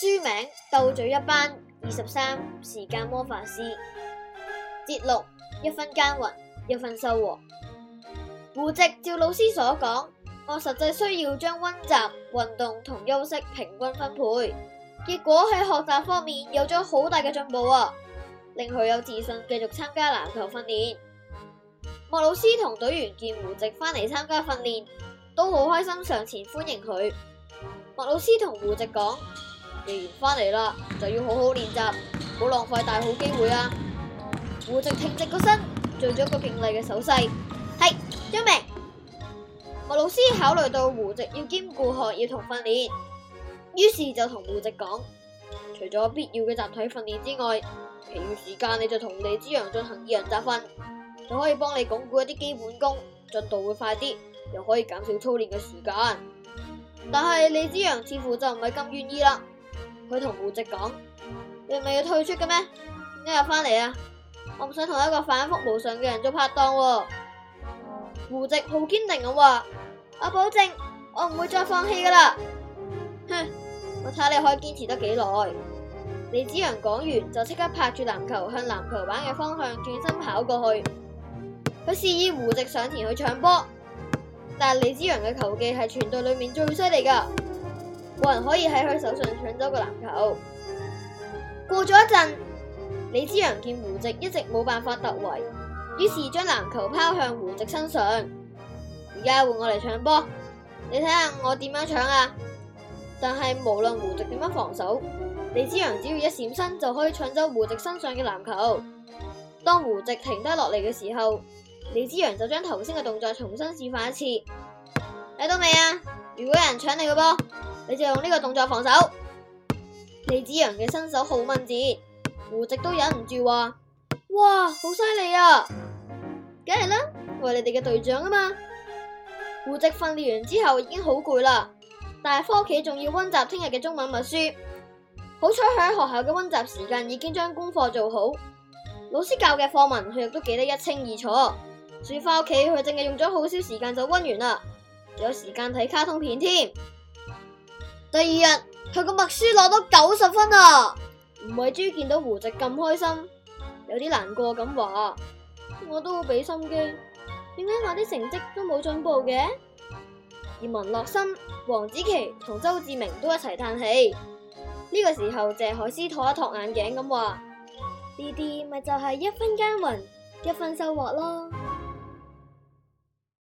書名《鬥嘴一班》二十三，時間魔法師，節錄，一分耕耘，一分收穫。胡直照老師所講，我實際需要將溫習、運動同休息平均分配。結果喺學習方面有咗好大嘅進步啊，令佢有自信繼續參加籃球訓練。莫老師同隊員見胡直翻嚟參加訓練，都好開心上前歡迎佢。莫老師同胡直講。翻嚟啦，就要好好練習，唔好浪費大好機會啊！胡直挺直個身，做咗個敬禮嘅手勢。係張明，莫老師考慮到胡直要兼顧學業同訓練，於是就同胡直講：除咗必要嘅集體訓練之外，其餘時間你就同李之陽進行二人集訓，就可以幫你鞏固一啲基本功，進度會快啲，又可以減少操練嘅時間。但係李之陽似乎就唔係咁願意啦。佢同胡直講：你唔係要退出嘅咩？點解又翻嚟啊？我唔想同一個反覆無常嘅人做拍檔喎、啊。胡直好堅定咁話：我保證，我唔會再放棄噶啦。哼，我睇你可以堅持得幾耐。李子陽講完就即刻拍住籃球向籃球板嘅方向轉身跑過去，佢示意胡直上前去搶波。但係李子陽嘅球技係全隊裏面最犀利噶。冇人可以喺佢手上搶走個籃球。過咗一陣，李之陽見胡直一直冇辦法突圍，於是將籃球拋向胡直身上。而家換我嚟搶波，你睇下我點樣搶啊！但係無論胡直點樣防守，李之陽只要一閃身就可以搶走胡直身上嘅籃球。當胡直停低落嚟嘅時候，李之陽就將頭先嘅動作重新示範一次。睇到未啊？如果有人搶你個波？你就用呢個動作防守。李子陽嘅身手好敏捷，胡直都忍唔住話：哇，好犀利啊！梗係啦，我係你哋嘅隊長啊嘛。胡直訓練完之後已經好攰啦，但係返屋企仲要温習聽日嘅中文默書。好彩喺學校嘅温習時間已經將功課做好，老師教嘅課文佢亦都記得一清二楚。所以返屋企佢淨係用咗好少時間就温完啦，仲有時間睇卡通片添。第二日，佢個默書攞到九十分啊！吳慧珠見到胡直咁開心，有啲難過咁話：我都會俾心機，點解我啲成績都冇進步嘅？而文樂心、黃子琪同周志明都一齊嘆氣。呢個時候，謝海思托一托眼鏡咁話：呢啲咪就係一分耕耘一分收穫咯。